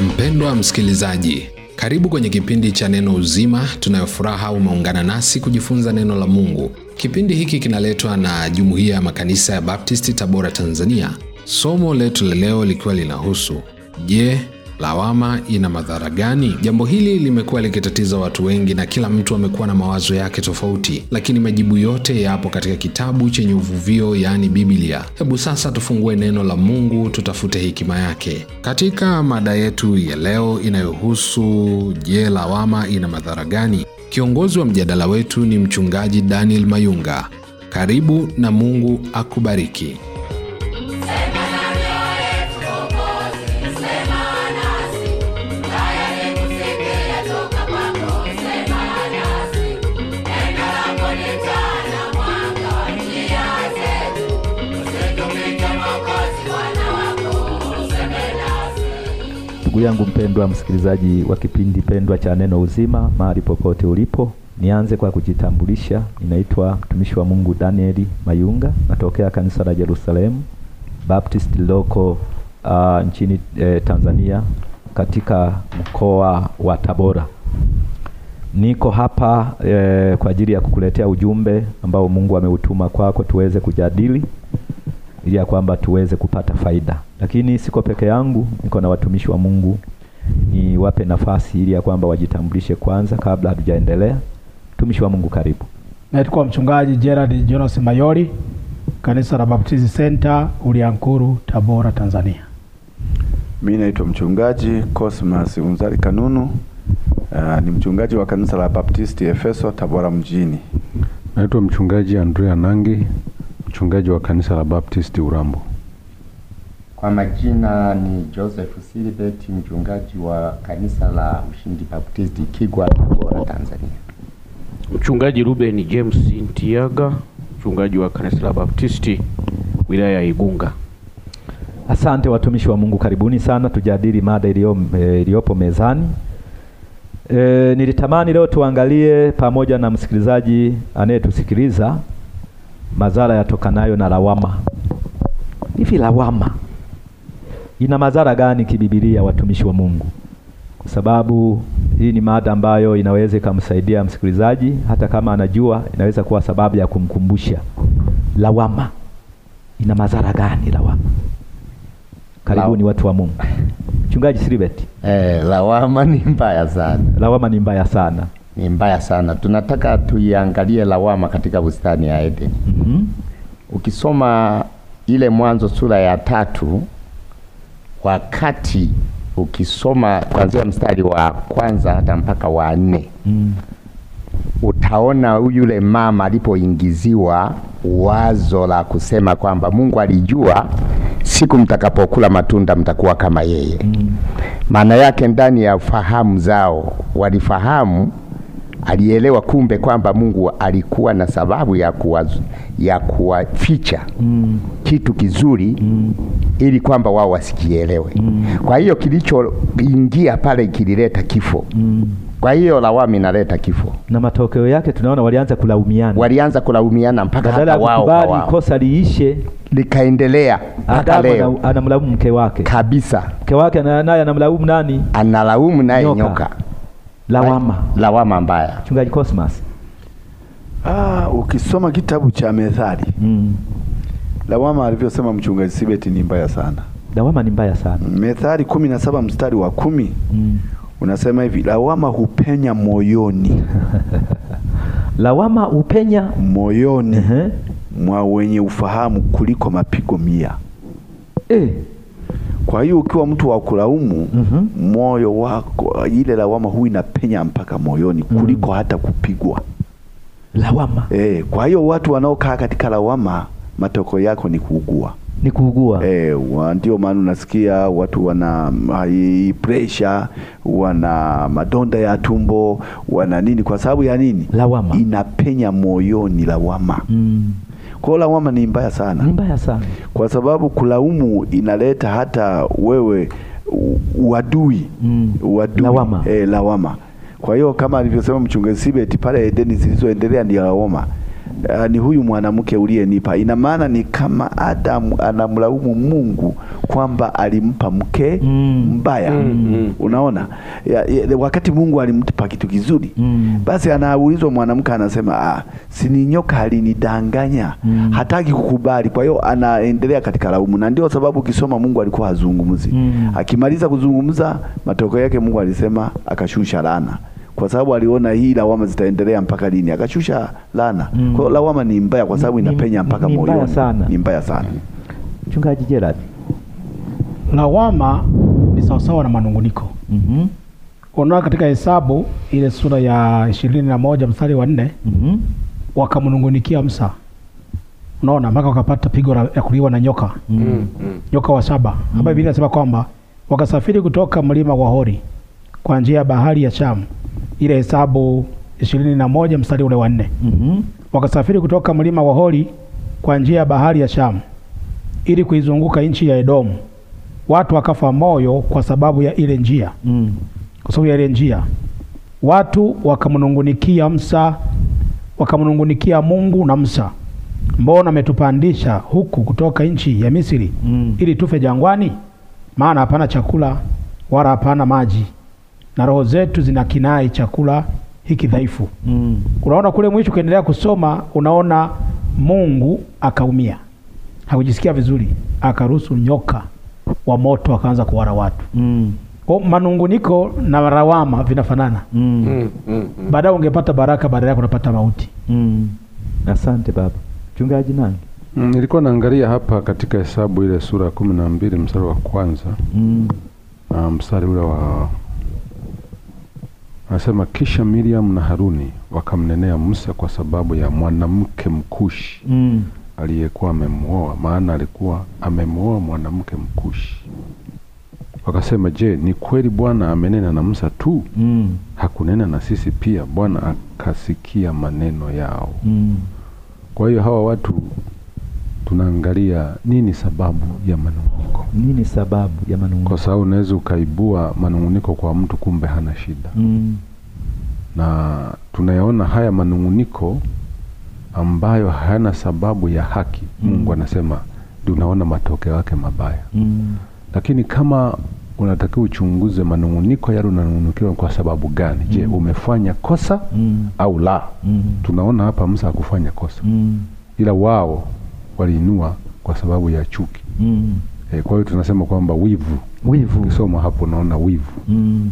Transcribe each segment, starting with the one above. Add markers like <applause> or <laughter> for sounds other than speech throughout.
Mpendwa msikilizaji, karibu kwenye kipindi cha Neno Uzima. Tunayofuraha umeungana nasi kujifunza neno la Mungu. Kipindi hiki kinaletwa na Jumuiya ya Makanisa ya Baptisti, Tabora, Tanzania. Somo letu la leo likiwa linahusu je, lawama ina madhara gani? Jambo hili limekuwa likitatiza watu wengi na kila mtu amekuwa na mawazo yake tofauti, lakini majibu yote yapo katika kitabu chenye uvuvio, yaani Biblia. Hebu sasa tufungue neno la Mungu, tutafute hekima yake katika mada yetu ya leo inayohusu je, lawama ina madhara gani? Kiongozi wa mjadala wetu ni mchungaji Daniel Mayunga. Karibu na Mungu akubariki. Ndugu yangu mpendwa, msikilizaji wa kipindi pendwa cha Neno Uzima, mahali popote ulipo, nianze kwa kujitambulisha. Ninaitwa mtumishi wa Mungu Danieli Mayunga, natokea kanisa la Jerusalemu Baptist Loko uh, nchini eh, Tanzania katika mkoa wa Tabora. Niko hapa eh, kwa ajili ya kukuletea ujumbe ambao Mungu ameutuma kwako tuweze kujadili ili ya kwamba tuweze kupata faida. Lakini siko peke yangu, niko na watumishi wa Mungu, niwape nafasi ili ya kwamba wajitambulishe kwanza kabla hatujaendelea. Mtumishi wa Mungu, karibu. Naitwa mchungaji Gerard Jonas Mayori, kanisa la Baptist Center, Uliankuru, Tabora, Tanzania. Mimi naitwa mchungaji Cosmas Unzali Kanunu. Uh, ni mchungaji wa kanisa la Baptisti Efeso Tabora mjini. Naitwa mchungaji Andrea Nangi mchungaji wa kanisa la Baptisti Urambo. Kwa majina ni Joseph Silibeti, mchungaji wa kanisa la Ushindi Baptisti Kigwa, Tabora, Tanzania. Mchungaji Ruben James Ntiaga, mchungaji wa kanisa la Baptisti wilaya ya Igunga. Asante watumishi wa Mungu, karibuni sana tujadili mada eh, iliyopo mezani. E, nilitamani leo tuangalie pamoja na msikilizaji anayetusikiliza madhara yatokanayo na lawama. Hivi lawama ina madhara gani kibibilia, watumishi wa Mungu? Kwa sababu hii ni mada ambayo inaweza ikamsaidia msikilizaji, hata kama anajua, inaweza kuwa sababu ya kumkumbusha. Lawama ina madhara gani? Lawama, karibuni watu wa Mungu. Mchungaji Silibeti. Eh, lawama ni mbaya sana, lawama ni mbaya sana ni mbaya sana. Tunataka tuiangalie lawama katika bustani ya Edeni. mm -hmm. Ukisoma ile Mwanzo sura ya tatu, wakati ukisoma kuanzia mstari wa kwanza hata mpaka wa nne mm. utaona yule mama alipoingiziwa wazo la kusema kwamba Mungu alijua siku mtakapokula matunda mtakuwa kama yeye. Mm. Maana mm. yake ndani ya fahamu zao walifahamu alielewa kumbe kwamba Mungu alikuwa na sababu ya kuwa, ya kuwaficha mm. kitu kizuri mm. ili kwamba wao wasikielewe mm. kwa hiyo kilichoingia pale kilileta kifo mm. Kwa hiyo lawami naleta kifo, na matokeo yake tunaona walianza kulaumiana, walianza kulaumiana mpaka hata wao wao kosa liishe likaendelea mpaka leo. Anamlaumu mke wake kabisa, mke wake naye anamlaumu nani? Analaumu naye nyoka, nyoka lawama, lawama mbaya. Mchungaji Cosmas. Ah, ukisoma kitabu cha Methali mm. lawama alivyosema mchungaji Sibeti ni mbaya sana. Lawama ni mbaya sana. Methali kumi na saba mstari wa kumi mm. unasema hivi, lawama hupenya moyoni <laughs> lawama hupenya moyoni uh -huh. mwa wenye ufahamu kuliko mapigo mia eh. Kwa hiyo ukiwa mtu wa kulaumu mm -hmm. moyo wako, ile lawama huu inapenya mpaka moyoni kuliko mm -hmm. hata kupigwa lawama. E, kwa hiyo watu wanaokaa katika lawama matokeo yako ni kuugua ni kuugua. Eh, ndio maana unasikia watu wana high pressure, wana madonda ya tumbo, wana nini? Kwa sababu ya nini? Lawama inapenya moyoni, lawama mm. Kwa lawama ni mbaya sana, mbaya sana, kwa sababu kulaumu inaleta hata wewe uadui mm. uadui lawama. E, lawama. Kwa hiyo kama alivyosema mchungaji Sibeti pale Edeni zilizoendelea ndio lawama uh, ni huyu mwanamke uliyenipa. Ina maana ni kama Adamu anamlaumu Mungu kwamba alimpa mke mm. mbaya mm -hmm. Unaona ya, ya, wakati Mungu alimpa kitu kizuri mm. Basi anaulizwa mwanamke, anasema ah, sini nyoka alinidanganya mm. Hataki kukubali, kwa hiyo anaendelea katika laumu, na ndio sababu ukisoma Mungu alikuwa hazungumzi mm. Akimaliza kuzungumza, matokeo yake Mungu alisema akashusha laana kwa sababu aliona hii lawama zitaendelea mpaka lini, akashusha lana mm. Kwa lawama ni mbaya, kwa sababu inapenya mpaka moyoni, ni mbaya sana. Mchungaji Gerard, lawama ni sawasawa na manunguniko mm -hmm. Unaona katika Hesabu ile sura ya ishirini na moja mstari wa nne mm -hmm. wakamnungunikia Musa, unaona mpaka wakapata pigo la kuliwa na nyoka mm -hmm. nyoka wa saba mm -hmm. ambayo mm-hmm. Biblia inasema kwamba wakasafiri kutoka mlima wa Hori kwa njia ya bahari ya Shamu ile Hesabu ishirini na moja mstari ule wa nne. mm -hmm. Wakasafiri kutoka mlima wa holi kwa njia ya bahari ya Shamu ili kuizunguka nchi ya Edomu. Watu wakafa moyo kwa sababu ya ile njia mm. kwa sababu ya ile njia watu wakamnungunikia Musa, wakamnungunikia Mungu na Musa, mbona ametupandisha huku kutoka nchi ya Misri mm. ili tufe jangwani? Maana hapana chakula wala hapana maji na roho zetu zina kinai chakula hiki dhaifu. Mm. Unaona kule mwisho, ukiendelea kusoma unaona Mungu akaumia, hakujisikia vizuri, akaruhusu nyoka wa moto akaanza kuwara watu. Mm. Kwa manunguniko na rawama vinafanana. Mm. Mm, mm, mm. Baadaye ungepata baraka, baadaye unapata mauti. Mm. Asante baba. Mchungaji nani? Mm, nilikuwa naangalia hapa katika Hesabu ile sura kumi na mbili mstari wa kwanza mm. na mstari ule wa Anasema kisha Miriam na Haruni wakamnenea Musa kwa sababu ya mwanamke mkushi mm. aliyekuwa amemwoa, maana alikuwa amemwoa mwanamke mkushi. Wakasema, je, ni kweli Bwana amenena na Musa tu mm. hakunena na sisi pia? Bwana akasikia maneno yao mm. kwa hiyo hawa watu tunaangalia nini sababu ya manunguniko, nini sababu ya manunguniko, kwa sababu unaweza ukaibua manunguniko kwa mtu kumbe hana shida mm. na tunayaona haya manunguniko ambayo hayana sababu ya haki mm. Mungu anasema ndio unaona matokeo yake mabaya mm. lakini kama unatakiwa uchunguze manunguniko yale unanungunikiwa kwa sababu gani? Je, mm. umefanya kosa mm. au la? mm. Tunaona hapa Musa hakufanya kosa mm. ila wao waliinua kwa sababu ya chuki mm. E, kwa hiyo tunasema kwamba wivu wivu, kisoma hapo naona wivu mm.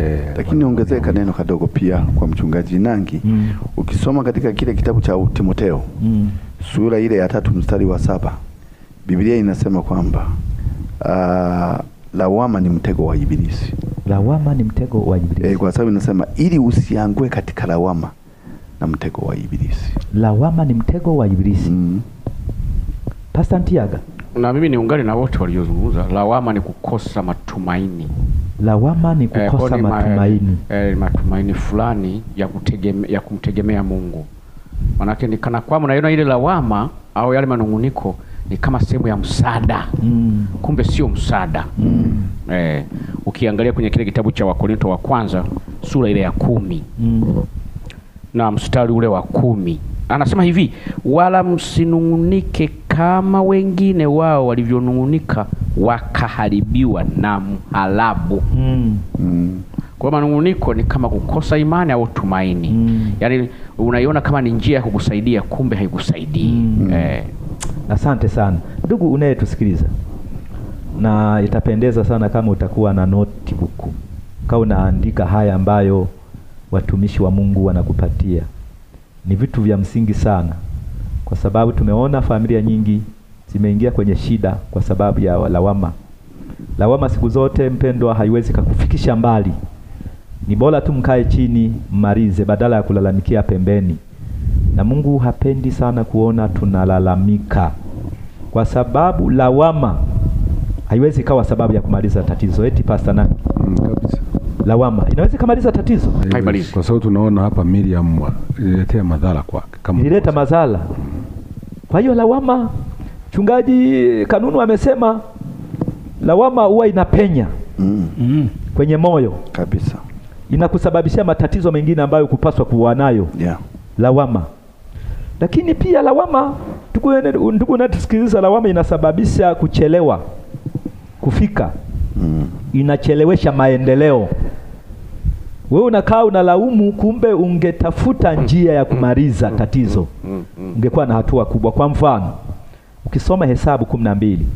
E, lakini ongezeka neno kadogo pia kwa mchungaji Nangi mm. Ukisoma katika kile kitabu cha Timoteo mm. sura ile ya tatu mstari wa saba Biblia inasema kwamba uh, lawama ni mtego wa Ibilisi. Lawama ni mtego wa Ibilisi. E, kwa sababu inasema ili usiangue katika lawama na mtego wa Ibilisi. Lawama ni mtego wa Ibilisi mm. Pastor Ntiaga, na mimi niungane na wote waliozungumza. Lawama ni kukosa matumaini, lawama ni eh, kukosa eh, matumaini eh, matumaini fulani ya, kutegeme, ya kumtegemea Mungu. Manake ni kana kwamba naiona ile lawama au yale manunguniko ni kama sehemu ya msaada mm. Kumbe sio msaada mm. Eh, ukiangalia kwenye kile kitabu cha Wakorinto wa kwanza sura ile ya kumi mm. na mstari ule wa kumi anasema hivi, wala msinungunike kama wengine wao walivyonung'unika wakaharibiwa na mhalabu. mm. mm. Kwa manung'uniko ni kama kukosa imani au tumaini. mm. Yaani unaiona kama ni njia ya kukusaidia kumbe haikusaidii. mm. Eh. Asante sana ndugu unayetusikiliza, na itapendeza sana kama utakuwa na notebook kama unaandika haya ambayo watumishi wa Mungu wanakupatia. Ni vitu vya msingi sana kwa sababu tumeona familia nyingi zimeingia kwenye shida kwa sababu ya lawama. Lawama siku zote, mpendwa, haiwezi kukufikisha mbali. Ni bora tu mkae chini mmalize, badala ya kulalamikia pembeni. Na Mungu hapendi sana kuona tunalalamika, kwa sababu lawama haiwezi kawa sababu ya kumaliza tatizo. Eti pasta na mm, Lawama inaweza kumaliza tatizo, haimalizi, kwa sababu tunaona hapa Miriam ililetea eh, madhara kwake, kama ileta madhara mm. Kwa hiyo lawama, chungaji Kanunu amesema lawama huwa inapenya mm. mm. kwenye moyo kabisa, inakusababishia matatizo mengine ambayo kupaswa kuwa nayo yeah. Lawama, lakini pia lawama, ndugu natusikiliza lawama inasababisha kuchelewa kufika mm. Inachelewesha maendeleo. Wewe unakaa unalaumu, kumbe ungetafuta njia ya kumaliza mm. tatizo mm. Mm ungekuwa na hatua kubwa. Kwa mfano, ukisoma Hesabu kumi na mbili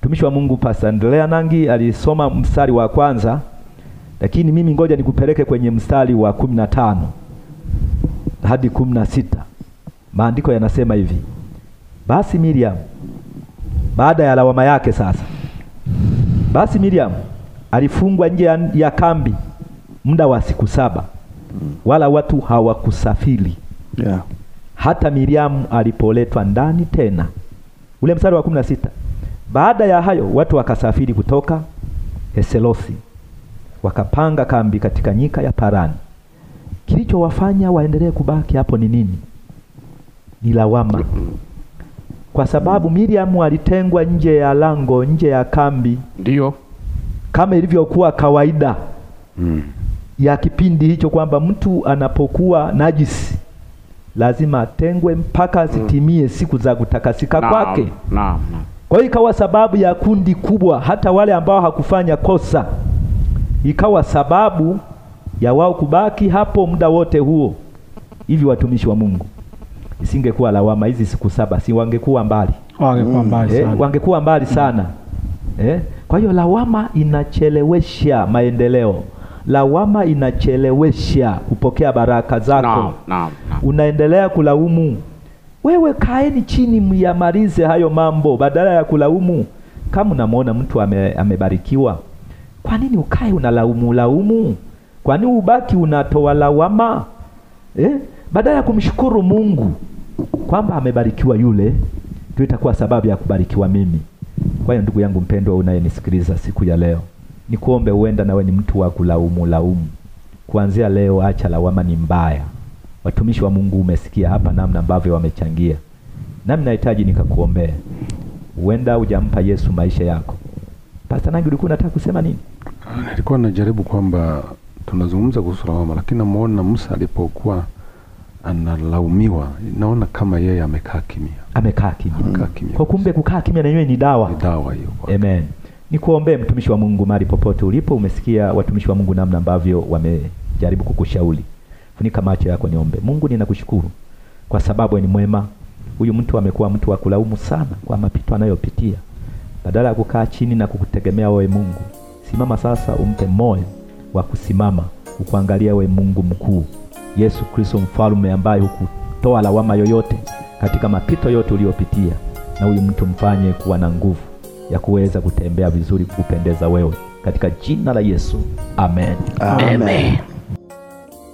mtumishi wa Mungu Pastor Andrea Nangi alisoma mstari wa kwanza, lakini mimi ngoja nikupeleke kwenye mstari wa kumi na tano hadi kumi na sita. Maandiko yanasema hivi: basi Miriam, baada ya lawama yake sasa, basi Miriam alifungwa nje ya kambi muda wa siku saba, wala watu hawakusafiri yeah hata Miriamu alipoletwa ndani tena. Ule mstari wa kumi na sita baada ya hayo watu wakasafiri kutoka Heselosi wakapanga kambi katika nyika ya Parani. Kilichowafanya waendelee kubaki hapo ni nini? Ni lawama, kwa sababu Miriamu alitengwa nje ya lango, nje ya kambi, ndio kama ilivyokuwa kawaida mm. ya kipindi hicho, kwamba mtu anapokuwa najisi lazima atengwe mpaka mm. siku za kutakasika kwake Kwa hiyo ikawa sababu ya kundi kubwa, hata wale ambao hakufanya kosa, ikawa sababu ya wao kubaki hapo muda wote huo. Hivi watumishi wa Mungu, isingekuwa lawama hizi siku saba, si wangekuwa mbali, wangekuwa mm. mbali eh, sana, eh, wangekuwa mbali mm. sana. Eh? Kwa hiyo lawama inachelewesha maendeleo, lawama inachelewesha kupokea baraka zako. Naam, naam unaendelea kulaumu. Wewe kaeni chini, myamalize hayo mambo, badala ya kulaumu. Kama unamwona mtu ame, amebarikiwa, kwa nini ukae unalaumu laumu? Kwa nini ubaki unatoa lawama eh? Badala ya kumshukuru Mungu kwamba amebarikiwa yule, ndio itakuwa sababu ya kubarikiwa mimi. Kwa hiyo ndugu yangu mpendwa, unayenisikiliza siku ya leo, nikuombe, huenda nawe ni mtu wa kulaumu laumu. Kuanzia leo, acha lawama, ni mbaya. Watumishi wa Mungu, umesikia hapa namna ambavyo wamechangia, nami nahitaji nikakuombea. Huenda hujampa Yesu maisha yako. Pastor Nangi, ulikuwa unataka kusema nini? Ah, nilikuwa najaribu kwamba tunazungumza kuhusu lawama, lakini namuona Musa alipokuwa analaumiwa, naona kama yeye amekaa kimya, amekaa kimya, Kwa kumbe kukaa kimya na yeye ni dawa, ni dawa hiyo. Amen. Nikuombee mtumishi wa Mungu, mali popote ulipo, umesikia watumishi wa Mungu namna ambavyo wamejaribu kukushauri. Funika macho yako niombe. Mungu ninakushukuru kwa sababu ni mwema. Huyu mtu amekuwa mtu wa kulaumu sana kwa mapito anayopitia. Badala ya kukaa chini na kukutegemea wewe Mungu, simama sasa, umpe moyo wa kusimama ukuangalia wewe Mungu mkuu, Yesu Kristo mfalme, ambaye hukutoa lawama yoyote katika mapito yote uliyopitia, na huyu mtu mfanye kuwa na nguvu ya kuweza kutembea vizuri, kupendeza wewe, katika jina la Yesu, amen, amen. amen.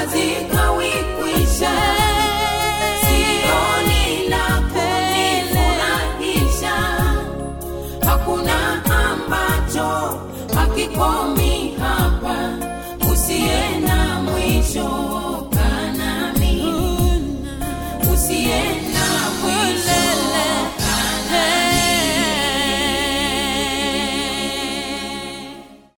Azita.